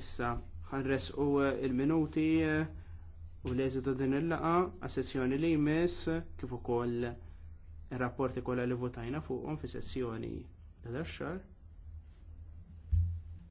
Issa ħanres u eh, il-minuti eh, u l-eżitu din il-laqa a sessjoni li jmiss kif ukoll ir-rapporti kollha li votajna fuqhom fi sessjoni ta' xar.